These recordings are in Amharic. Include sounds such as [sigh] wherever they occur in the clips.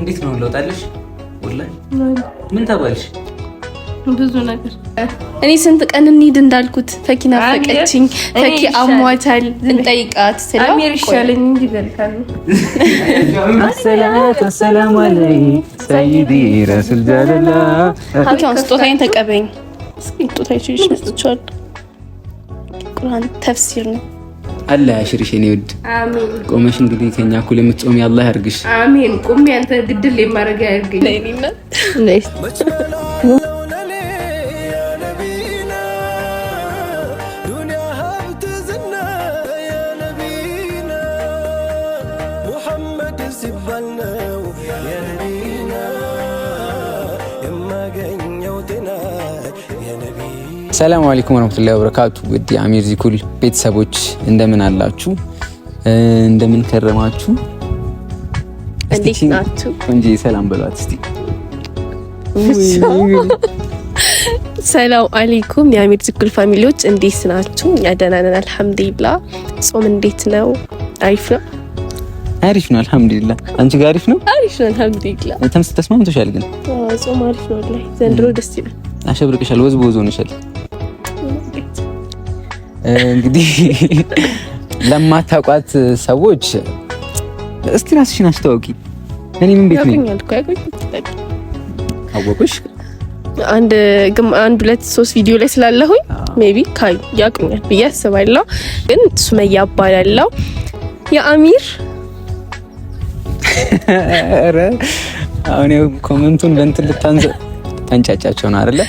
እንዴት ነው ለውጣለሽ? ወላሂ ምን ተባልሽ? ብዙ ነገር እኔ ስንት ቀን እንሂድ እንዳልኩት ፈኪ ናፈቀችኝ። ፈኪ አሟታል እንጠይቃት ስለው አሚር ሰላም አለይ ሰይዲ ረሱል ስጦታዬን ተቀበኝ። እስኪ ቁርአን ተፍሲር ነው አላ ያሽርሽ የኔ ውድ ቆመሽ እንግዲህ ከኛ እኩል የምትጾም ያላ ያርግሽ። አሜን። ቁሚ አንተ ግድል የማረግ ያርገኝ ሰላም አለይኩም ወራህመቱላሂ ወበረካቱ ውድ አሚር ዚኩል ቤተሰቦች እንደምን አላችሁ? እንደምን ከረማችሁ? እንዴት ናችሁ? እንጂ ሰላም በሏት እስቲ። ሰላም አለይኩም የአሚር ዚኩል ፋሚሊዎች እንዴት ናችሁ? እኛ ደህና ነን አልሐምዱሊላህ። ጾም እንዴት ነው? አሪፍ ነው። አሪፍ ነው አልሐምዱሊላህ። አንቺ ጋር አሪፍ ነው? አሪፍ ነው አልሐምዱሊላህ። ተስማምቶሻል ግን? ጾም አሪፍ ነው። ላይ ዘንድሮ ደስ ይላል። አሸብርቅሻል። ወዝ በወዝ ሆነሻል። እንግዲህ ለማታውቋት ሰዎች እስቲ ራስሽን አስተዋውቂ። እኔ ምን ቤት ነኝ አንድ አንድ ሁለት ሶስት ቪዲዮ ላይ ስላለሁኝ ሜቢ ካዩ ያውቁኛል ብዬ አስባለሁ። ግን ሱመያ እባላለሁ የአሚር [laughs] ኧረ አሁን ኮመንቱን በእንትን ልታንጫጫቸው ነው አይደለ?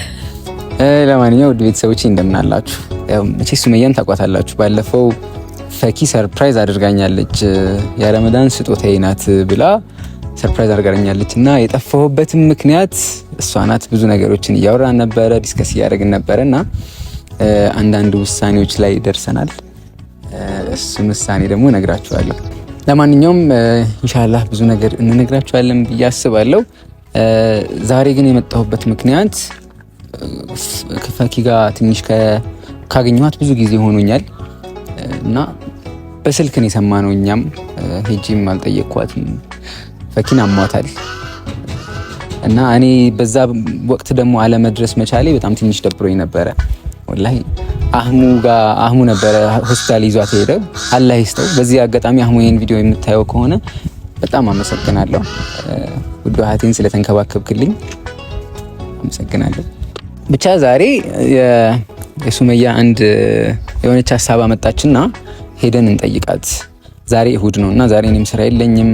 ለማንኛው ውድ ቤተሰቦቼ እንደምናላችሁ መቼ ሱመያን ታውቋታላችሁ። ባለፈው ፈኪ ሰርፕራይዝ አድርጋኛለች። የረመዳን ስጦታዬ ናት ብላ ሰርፕራይዝ አድርጋኛለች እና የጠፋሁበትም ምክንያት እሷ ናት። ብዙ ነገሮችን እያወራን ነበረ፣ ዲስከስ እያደረግን ነበረ እና አንዳንድ ውሳኔዎች ላይ ደርሰናል። እሱን ውሳኔ ደግሞ እነግራችኋለሁ። ለማንኛውም ኢንሻላህ ብዙ ነገር እንነግራችኋለን ብዬ አስባለሁ። ዛሬ ግን የመጣሁበት ምክንያት ከፈኪ ጋር ትንሽ ካገኘኋት ብዙ ጊዜ ሆኖኛል እና በስልክን የሰማ ነው። እኛም ሄጂም አልጠየቅኳትም። ፈኪን አሟታል እና እኔ በዛ ወቅት ደግሞ አለመድረስ መቻሌ በጣም ትንሽ ደብሮኝ ነበረ። ወላሂ አህሙ ጋር አህሙ ነበረ ሆስፒታል ይዟት ሄደ። አላህ ይስጠው። በዚህ አጋጣሚ አህሙ ይህን ቪዲዮ የምታየው ከሆነ በጣም አመሰግናለሁ። ውድ እህቴን ስለተንከባከብክልኝ አመሰግናለሁ። ብቻ ዛሬ የሱመያ አንድ የሆነች ሀሳብ አመጣችና ሄደን እንጠይቃት። ዛሬ እሁድ ነው እና ዛሬ እኔም ስራ የለኝም።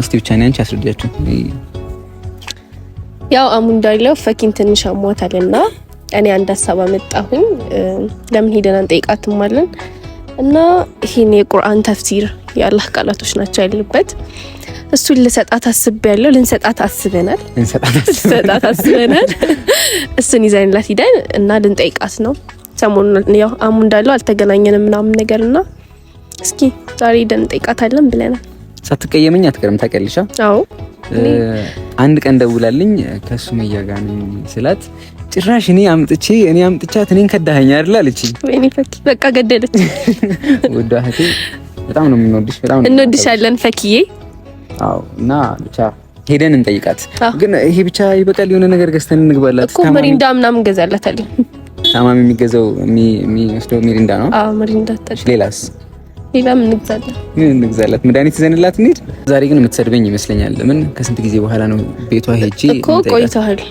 እስቲ ብቻ አንቺ አስረዳችሁ። ያው አሙ እንዳለው ፈኪን ትንሽ አሟታልና እኔ አንድ ሀሳብ አመጣሁኝ። ለምን ሄደን አንጠይቃትም አለን እና ይህን የቁርአን ተፍሲር የአላህ ቃላቶች ናቸው ያሉበት እሱን ልሰጣት አስብ ያለው ልንሰጣት አስበናል ልንሰጣት አስበናል። እሱን ይዘንላት ሂደን እና ልንጠይቃት ነው። ሰሞኑን ያው አሙ እንዳለው አልተገናኘንም ምናምን ነገር እና እስኪ ዛሬ ሂደን እንጠይቃታለን ብለናል። ሳትቀየመኝ አትቀርም ታውቂያለሽ። አዎ አንድ ቀን ደውላልኝ ከሱመያ ጋር ነኝ ስላት ጭራሽ እኔ አምጥቼ እኔ አምጥቻት እኔን ከዳኸኝ አይደል አለችኝ። ወይኔ ፈኪ በቃ ገደለች። ወዳህቴ በጣም ነው የምንወድሽ። በጣም እንወድሻለን ፈኪዬ። አዎ። እና ብቻ ሄደን እንጠይቃት። ግን ይሄ ብቻ ይበቃል። የሆነ ነገር ገዝተን እንግባላት እኮ ምሪንዳ ምናምን እንገዛላታለን። ታማሚ የሚገዛው የሚወስደው ሚሪንዳ ነው። አዎ ሚሪንዳ። ሌላስ? ሌላ ምን እንግዛለን? ምን እንግዛላት? መድኃኒት ይዘንላት እንሂድ። ዛሬ ግን የምትሰድበኝ ይመስለኛል። ለምን ከስንት ጊዜ በኋላ ነው ቤቷ ሄጂ እኮ ቆይተሃል።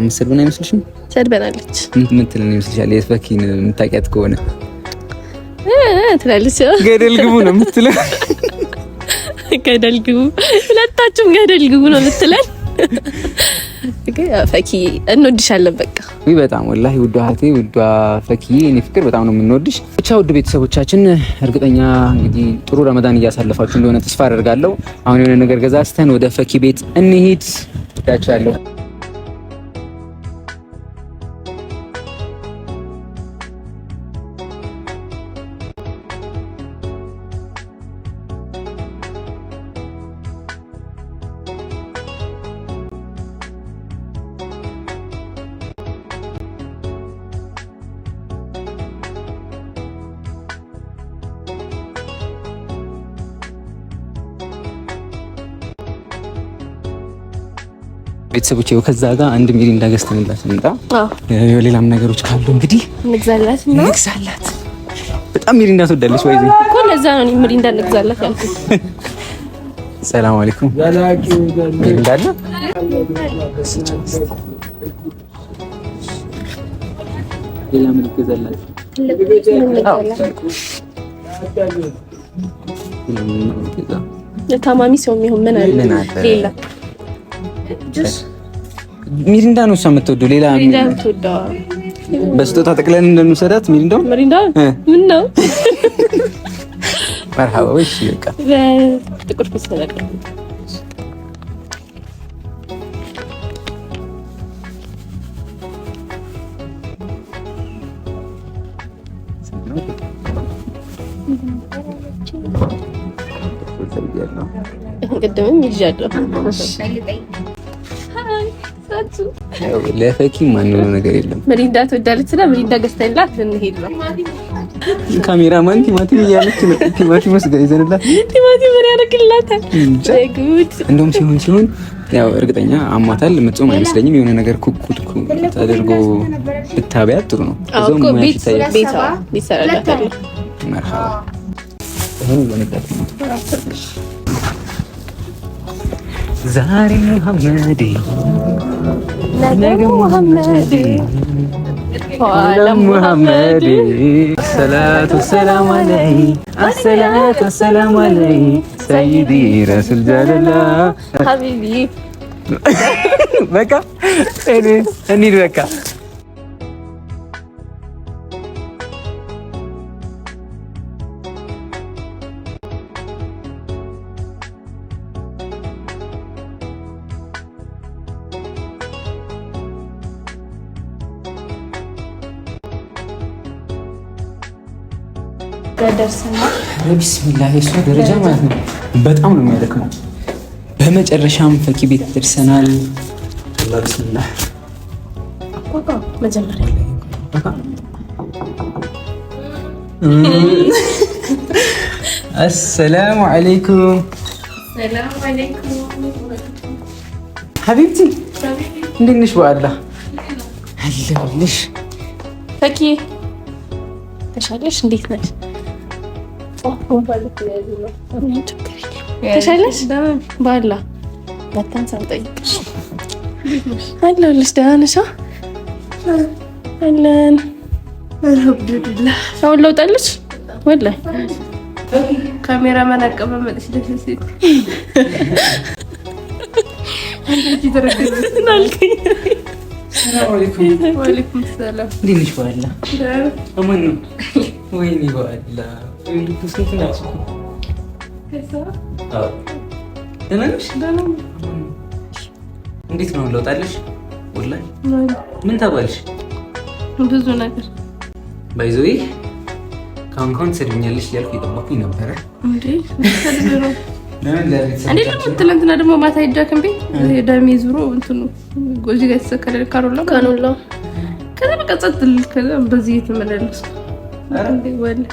አምስት አይመስልሽም? ሰድበናለች። ምን ምትልን ይመስልሻል? የፈኪን የምታውቂያት ከሆነ ትላለች። ገደል ግቡ ነው የምትለው ገደል ግቡ፣ ሁለታችሁም ገደል ግቡ ነው ልትለን። ፈኪ እንወድሻለን። በቃ ይህ በጣም ወላሂ ውዷ እህቴ ውዷ ፈኪ እኔ ፍቅር በጣም ነው የምንወድሽ። ብቻ ውድ ቤተሰቦቻችን እርግጠኛ እንግዲህ ጥሩ ረመዳን እያሳለፋችሁ እንደሆነ ተስፋ አደርጋለሁ። አሁን የሆነ ነገር ገዛ ስተን ወደ ፈኪ ቤት እንሂድ። ዳቸው ቤተሰቦች ይኸው ከዛ ጋር አንድ ሚሪንዳ ገዝተንላት እንጣ ሌላም ነገሮች ካሉ እንግዲህ እንግዛላት እና እንግዛላት። በጣም ሚሪንዳ ትወዳለች ወይ እኮ ለዛ ነው ሚሪንዳ እንዳንግዛላት ያልኩት። ሰላም አለይኩም። ሚሪንዳ አለ ሌላ ምን ይገዛላት? ታማሚ ሰው የሚሆን ምን አለ ሌላ ሚሪንዳ ነው እሷ የምትወደው። ሌላ በስጦታ ጠቅለን እንደምንሰዳት ሚሪንዳ ሚሪንዳ ምን [laughs] ነው መርሃባዎች ይቃ ጥቁር ፍስተለቅ ቅድምም ይዣለሁ ለፈኪ ማንነው ነገር የለም። ምሪንዳ ትወዳለች ስለ ምሪንዳ ገዝተንላት ልንሄድ ነው። ማን ቲማቲም እያለች ነው። ቲማቲም ውስጥ ይዘንላት ቲማቲም ምን ያደርግላታል? ጉድ እንደውም ሲሆን ሲሆን ያው እርግጠኛ አማታል። ምጽም አይመስለኝም። የሆነ ነገር ኩኩት አድርጎ ብታበያ ጥሩ ነው። እዛው ቤት ቤት ቤት ሰራላታል። መርሃባ ዛሬ ሙሐመድ ነገ ሙሐመድ ሙሐመድ አሰላቱ ሰላም አለይ አሰላቱ ሰላም አለይ ሰይዲ ረሱል ጃለላ ሀቢቢ በቃ እንሂድ በቃ በቢስሚላ የእሷ ደረጃ ማለት ነው። በጣም ነው የሚያደክመው። በመጨረሻም ፈኪ ቤት ደርሰናል። ብስሚላ መጀመሪያ አሰላሙ አለይኩም ሀቢብቲ እንዴት ነሽ? በአላህ አለሁልሽ። ፈኪ ተሻለሽ? እንዴት ነሽ? ተሻለሽ? ባላ መታን ሳንጠይቅሽ አለሁልሽ። ደህና ነሽ? አለን አልሐምዱሊላህ። አሁን ለውጣለች። ወላሂ ካሜራ ማን አቀማመጥሽ ደስ ሲል እንዴት ነው ለውጣለሽ? ወላሂ ምን ተባልሽ? ብዙ ነገር ባይዘዌ ካሁን ካሁን ትሰድብኛለሽ እያልኩ የጠበኩኝ ነበረ። ትናንትና ደግሞ ማታ ሄዳክን ቤት ደሜ ዙሮ እንትኑ ጎጂ ጋር የተሰከለ ካሮላ ካሮላ ከዛ በቃ ጸጥ ልል ከዛ በዚህ የተመላለሱ ወላሂ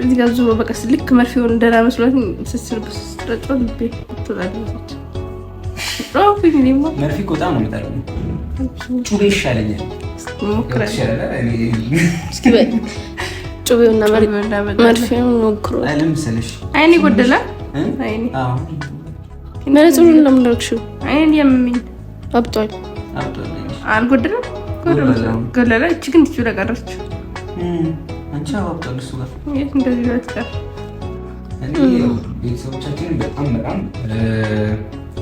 እዚህ ጋር ዙሮ በቃ ልክ መርፌውን ደህና መስሏት ስስር ስረጮ ልቤ ትላለች። መርፌ ቆጣ ነው የሚጠ ጩቤ ይሻለኛል። ጩቤውና መርፌውን ሞክሮ አይኔ ጎደላ መነጽሩን ለምን አደረግሽው? አይኔ ያመመኝ አብጧል። አልጎደለም ጎደላ። እች ግን ትችው ለቀረችው አንቺ አባብጣሉ እሱ ጋር እንዴት እንደዚህ ወጣ? እኔ ቤተሰቦቻችን በጣም በጣም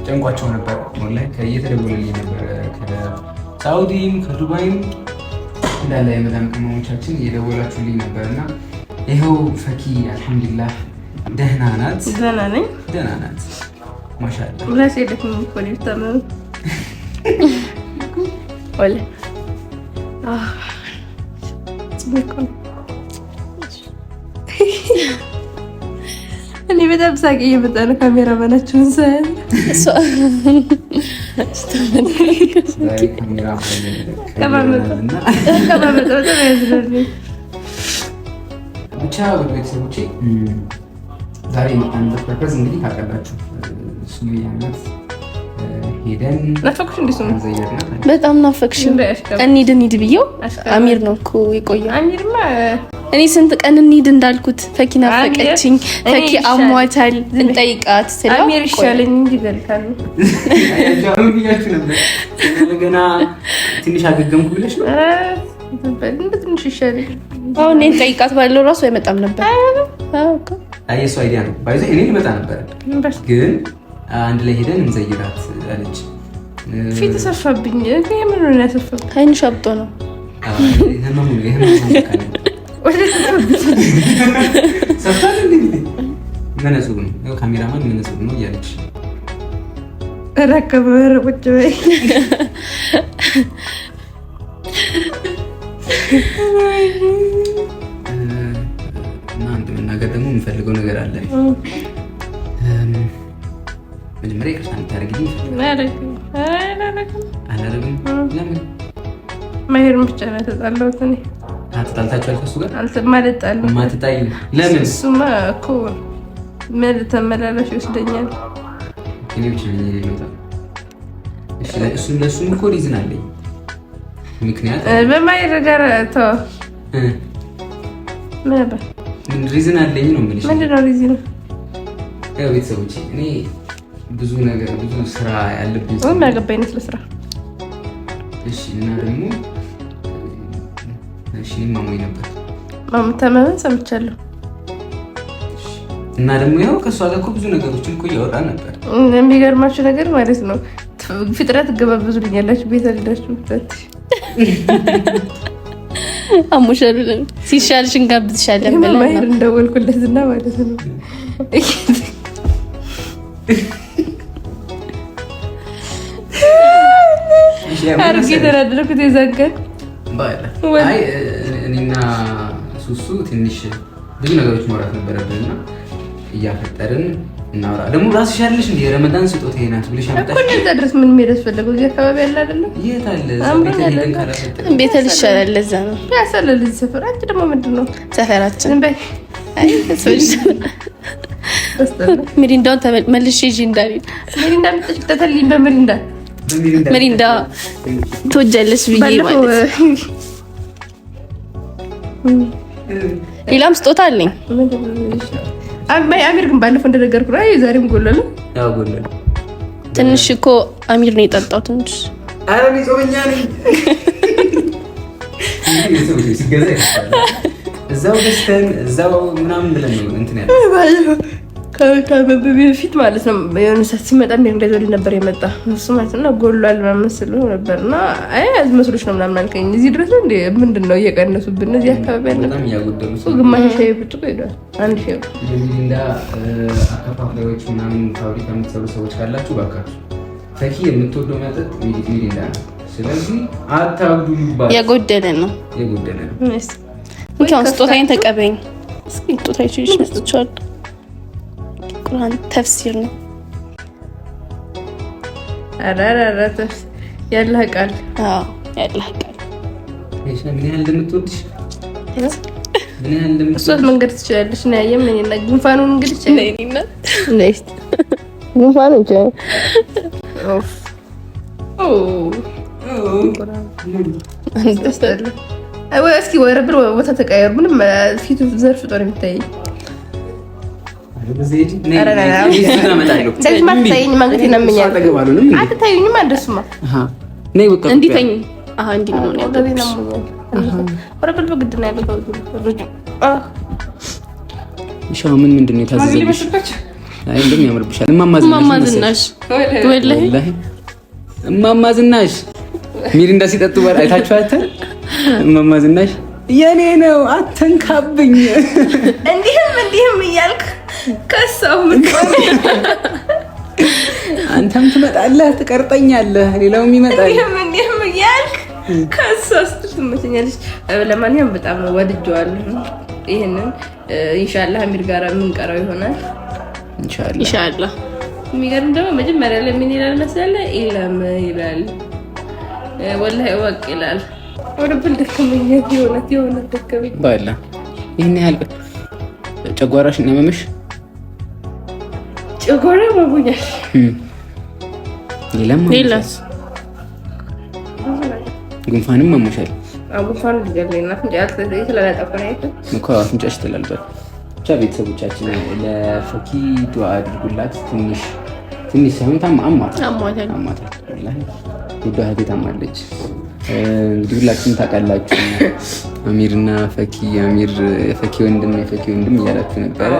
ጨንቋቸው ነበር። ወላሂ እየተደወለልኝ ነበር ከሳውዲም ከዱባይም እንዳለ ቅመሞቻችን እየደወላችሁልኝ ነበር እና ይኸው ፈኪ አልሐምዱሊላህ ደህና ናት። ደህና ነኝ። ደህና ናት። ማሻአላህ ደክሞ እኮ ነው [laughs] በጣም ሳቅ እየመጣ ነው። ካሜራ ባላችሁን ሰን ብቻ ወደ ቤተሰቦቼ ዛሬ የመጣንበት ፐርፐዝ እንግዲህ ታውቃላችሁ፣ ሱመያነት ሄደን ናፈቅሽ እንዲ በጣም ናፈቅሽ። እንሂድ እንሂድ ብዬው አሚር ነው እኮ የቆየው። እኔ ስንት ቀን እንሂድ እንዳልኩት ፈኪ ናፈቀችኝ፣ ፈኪ አሟታል እንጠይቃት ስለው አሚር ባለው ራሱ አይመጣም ነበር። የእሱ አይዲያ ነው። ባይዘ እኔ ልመጣ ነበር ግን አንድ ላይ ሄደን እንዘይራት አለች። ፊት ሰፋብኝ። ምን ያሰፋብኝ? አይንሽ አብጦ ነው መነሱግ ነው ካሜራማን መነሱግ ቁጭ በይ እና አንተ መናገር ደግሞ የምፈልገው ነገር አለ። መጀመሪያ ይቅርታ እንድታደርጊልኝ አላደርግም። ለምን መሄድን ብቻ ነው የተጣላሁት እኔ ተጣልታችኋል ከሱ ጋር? አልተማለጣልም። ማትጣይ ለምን? እሱማ እኮ ምን ተመላለሽ ይወስደኛል። እኔ ብቻ ነኝ የሚመጣ። እሺ ለእሱ ለእሱ እኮ ሪዝን አለኝ ምክንያት በማይረዳ ሪዝን አለኝ ነው የምልሽ። ምንድን ነው ሪዝኑ? ያው ቤተሰቦች እኔ ብዙ ነገር ብዙ ስራ ያለብኝ ምን ያገባኝ ስለ እሺ እና ደግሞ እሺ ማሞኝ ነበር ማምተመመን ሰምቻለሁ። እና ደግሞ ያው ከእሷ ጋር እኮ ብዙ ነገሮችን እኮ እያወራን ነበር። የሚገርማችሁ ነገር ማለት ነው ፍጥረት እገባበዙልኛላችሁ ቤት አልሄዳችሁም። ፍጥረት [laughs] አሞሻሉ ሲሻልሽ እንጋብዝሻለን ብለን ማሄድ እንደወልኩለት እና ማለት ነው አድርጌ የተናደድኩት የዛን ቀን እንባያለን። አይ እኔና ሱሱ ትንሽ ብዙ ነገሮች ማውራት ነበረብን እና እያፈጠርን እናውራ። ደግሞ ራስሽ ያለሽ እንደ ረመዳን ስጦታ ይናት ብለሽ አመጣሽ ድረስ ምን መሄድ አስፈለገው? እዚህ አካባቢ ያለ አይደለ? ቤተ ይሻላል። ለዛ ነው ያሰለ ልጅ ሰፈር። አንቺ ደግሞ ምንድን ነው ሰፈራችን በይ ሚሪንዳውን ተመልሼ ይዤ እንዳልሄድ ሚሪንዳ ምጥጭ ተተልኝ በሚሪንዳ ሚሪንዳ ትወጃለሽ ብዬ ማለት ሌላም ስጦታ አለኝ። አሚር ግን ባለፈው እንደነገርኩ ላይ ዛሬም ጎለሉ ትንሽ እኮ አሚር ነው የጠጣው ትንሽ [laughs] እዛው ደስተን እዛው ምናምን ብለን ነው እንትን ያለው ከመበ በፊት ማለት ነው የሆነ ሰዓት ሲመጣ እንደ እንደዘል ነበር የመጣ እሱ ማለት ነው ጎሏል ምናምን ነበር እና አይ አዝ መስሎች ነው ምናምን አልከኝ። እዚህ ድረስ እንደ ምንድን ነው እየቀነሱብን እዚህ አካባቢ ያለ እኮ ግማሽ ሻይ ብርጭቆ ሄዷል። አንድ ሻይ እንደ አከፋፋዮች ምናምን ፋብሪካ የምትሰሩ ሰዎች ካላችሁ እባካችሁ ተኪ የምትወደው መጠጥ ሚሪንዳ ነው። ስለዚህ አታጉሉባት። የጎደለ ነው የጎደለ ነው። እስኪ አሁን ስጦታዬን ተቀበይኝ። እስኪ ይችላል ቁርአን ተፍሲር ነው። አራራራ ቃል አዎ፣ ቃል እሺ። ምን መንገድ ትችላለች። ና የም ና ጉንፋኑን እንግዲህ ጉንፋኑ እስኪ ወረብር ቦታ ተቀየሩ። ምንም ፊቱ ዘርፍ ጦር የሚታይ ምን ምንድን ነው የታዘዘልሽ? እንደውም ያምርብሻል። ሚሪንዳ ሲጠጡ በር አይታችሁ አይተን የኔ ነው አተንካብኝ እንዲህም እንዲህም እያልክ ከሰው አንተም ትመጣለህ፣ ትቀርጠኛለህ፣ ሌላውም ይመጣል። እንዲህም እያልክ ከሰው ስትል ለማንኛውም በጣም ነው ወድጀዋለሁ። ይህንን ኢንሻላህ አሚር ጋር የምንቀረው ይሆናል። ኢንሻላህ የሚገርም ደግሞ መጀመሪያ ላይ ምን ይላል መሰለህ? ኢለም ይላል ወላሂ ወቅ ይላል። ወደ ብል ደከመኝ የሆነ ደከመኝ ባላ ይህን ያህል ጨጓራሽ እናመምሽ ጨጓራ ማቡኛል። ሌላም ሌላስ ጉንፋንም ማሞሻል። ጉንፋኑ አፍንጫሽ ትላልበት። ብቻ ቤተሰቦቻችን ለፎኪ ዱዓ አድርጉላት። ትንሽ ትንሽ ሳይሆን ታማ አሟታል አሟታል። ውዷ እህቴ ታማለች። እንግዲህ ሁላችሁም ታውቃላችሁ። አሚርና ፈኪ አሚር ፈኪ ወንድም የፈኪ ወንድም እያላችሁ ነበረ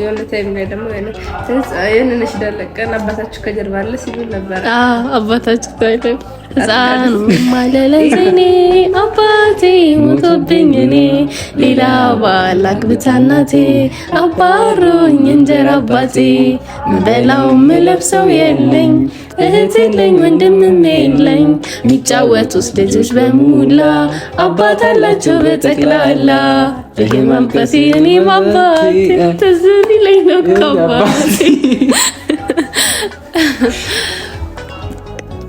የሆነ ታይም ላይ ደግሞ የሆነች ደረቅ ቀን አባታችሁ ከጀርባ አለ ሲሉ ነበር። አባታችሁ ታይለ ህፃኑ ማለለኝ አባቴ ሞቶብኝ እኔ ሌላ ባል አግብታ እናቴ አባሮኝ እንጀራ አባቴ ምበላው ምለብሰው የለኝ እህት የለኝ ወንድምም የለኝ የሚጫወቱት ልጆች በሙላ አባት አላቸው በጠቅላላ ይሄ መንፈሴ እኔ ማባት ትዝ ሊለኝ ነው ከአባት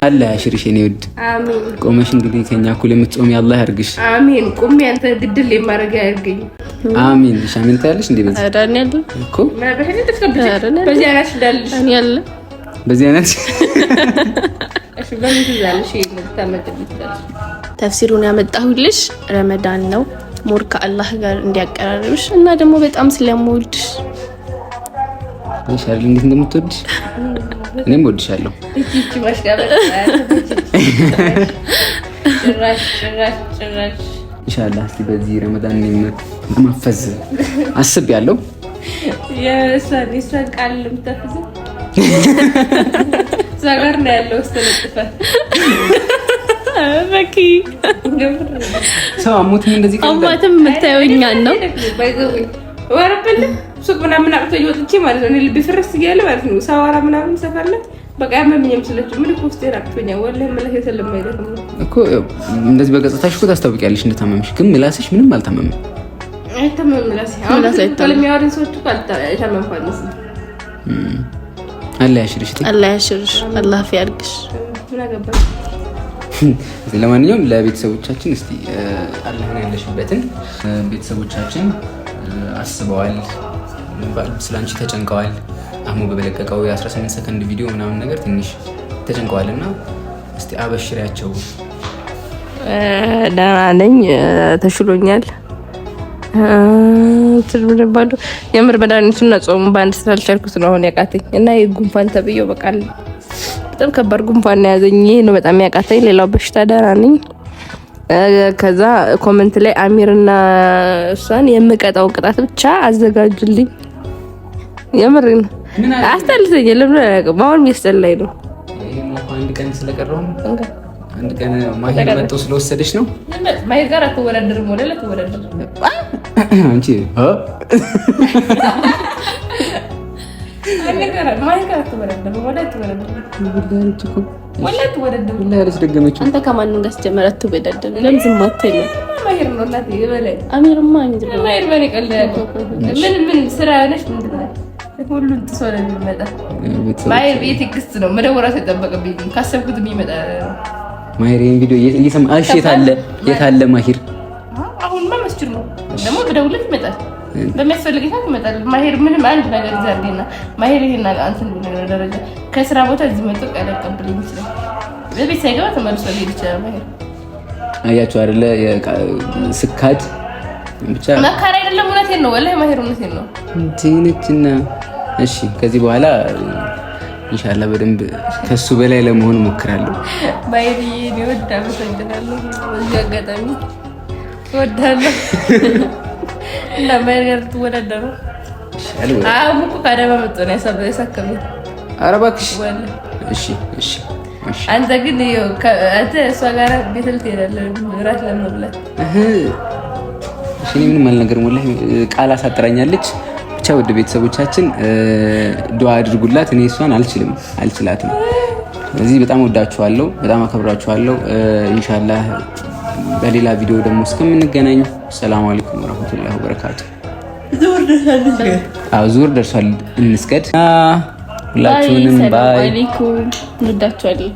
አለ ያሽርሽ እኔ ውድ አሜን። ቆመሽ እንግዲህ ከኛ እኩል የምትጾም ያላህ ያርግሽ። አሜን። ቁም ያንተ ግድል የማረግ ያርገኝ። አሜን። እሺ አሜን ታያለሽ እንዴ? በዚህ አዳን ያለ እኮ በዚህ አይነት እንዳልሽ እኔ ያለ በዚህ አይነት እሺ በዚህ ያለሽ ተፍሲሩን ያመጣሁልሽ ረመዳን ነው ሞር ከአላህ ጋር እንዲያቀራርብሽ እና ደግሞ በጣም ስለምወድሽ ይሻል እንዴት እንደምትወድሽ እኔም ወድሻለሁ። ኢንሻአላህ እስኪ በዚህ ረመዳን ማፈዝ አስብ ያለው የእሷን ቃል ልምታፈዝ እዛ ነው ያለው ስተለጥፈ በኪ ሰው አሞት እንደዚህ አሟትም የምታየውኛል ነው ወረብን ሱቅ ምናምን አቅቶኝ ወጥቼ ማለት ነው ልብ ፍርስ እያለ ማለት ነው ሳዋራ ምናምን ሰፈር በቃ ያመምኛም ስለች ምን ኮስቴ አቅቶኛል ወላሂ መላሽ ስለማይደክም እኮ እንደዚህ በገጽታሽ እኮ ታስታውቂያለሽ እንደታመምሽ ግን ምላስሽ ምንም አልታመምም አይታመምም ምላስ አሁን ከለሚያወሩን ሰዎች እኮ አልታመምኩ አልመስልም አላህ ያሽርሽ አላህ ያሽርሽ አላህ ፊ ምን አገባሽ [laughs] ለማንኛውም ለቤተሰቦቻችን እስቲ አላህን ያለሽበትን ቤተሰቦቻችን አስበዋል፣ ስላንቺ ተጨንቀዋል። አሞ በለቀቀው የ18 ሰከንድ ቪዲዮ ምናምን ነገር ትንሽ ተጨንቀዋል እና እስቲ አበሽሪያቸው። ደህና ነኝ፣ ተሽሎኛል። የምር መድኃኒቱና ጾሙ በአንድ ስላልቻልኩት ነው አሁን ያቃተኝ እና የጉንፋን ተብዬው በቃል በጣም ከባድ ጉንፋን ነው ያዘኝ። ይሄ ነው በጣም ያቃተኝ። ሌላው በሽታ ደህና ነኝ። ከዛ ኮመንት ላይ አሚርና እሷን የምቀጣው ቅጣት ብቻ አዘጋጁልኝ። የምር አስጠልተኝ። ለምን አላውቅም። አሁንም ላይ ነው። አንድ ቀን ስለቀረው አንድ ቀን ማሄድ መጥቶ ስለወሰደች ነው። ማሄድ ጋር አትወዳደርም። ወደ ዕለት አንቺ [laughs] አንተ ከማንም ጋር ስትጀምር አትወዳደር። ለምን ዝም አትልም? አሚርማ ምን ስራ ያለሽ ሁሉን ጥሶ ነው የሚመጣ። ማየር የትዕግስት ነው መደወር አይጠበቅብኝ። ካሰብኩት የሚመጣ ማሄር ይሄን ቪዲዮ እየሰማ እሺ፣ የታለ የታለ ማሄር? አሁንማ መስችል ነው ደግሞ ብደውልለት ይመጣል። በሚያስፈልግ ሰዓት ይመጣል። ማሄር ምንም አንድ ነገር ይዛልና ማሄር ይሄን አንተን ብነገር ደረጃ ከስራ ቦታ እዚህ መጥቶ ያለቀብልኝ ይችላል። በቤት ሳይገባ ተመልሶ ሊሄድ ይችላል። ማሄር አያችሁ አይደለ? ስካድ ብቻ መካር አይደለም። እውነቴን ነው ወላሂ ማሄር እውነቴን ነው። እንትነችና እሺ፣ ከዚህ በኋላ ኢንሻአላ በደንብ ከሱ በላይ ለመሆን እሞክራለሁ። ማሄር ይሄን መሰግናለሁ። በዚህ አጋጣሚ እወዳለሁ። እንዳባይር ጋር ልትወዳደሩ አሙቁ ካዳማ መጥቶ ነው ያሳከመኝ። ኧረ እባክሽ እሺ፣ እሺ። አንተ ግን አንተ እሷ ጋር ቤት ልትሄዳለህ እራት ለመብላት። እኔ ምንም አልነገርም። ወላሂ ቃል አሳጥራኛለች። ብቻ ወደ ቤተሰቦቻችን ዱዓ አድርጉላት። እኔ እሷን አልችልም፣ አልችላትም። ስለዚህ በጣም ወዳችኋለሁ፣ በጣም አከብራችኋለሁ። ኢንሻላህ በሌላ ቪዲዮ ደግሞ እስከምንገናኝ ሰላም አለይኩም ወረህመቱላሂ ወበረካቱ። ዙር ደርሷል። እንስገድ። ሁላችሁንም ባይ። እንወዳችኋለን።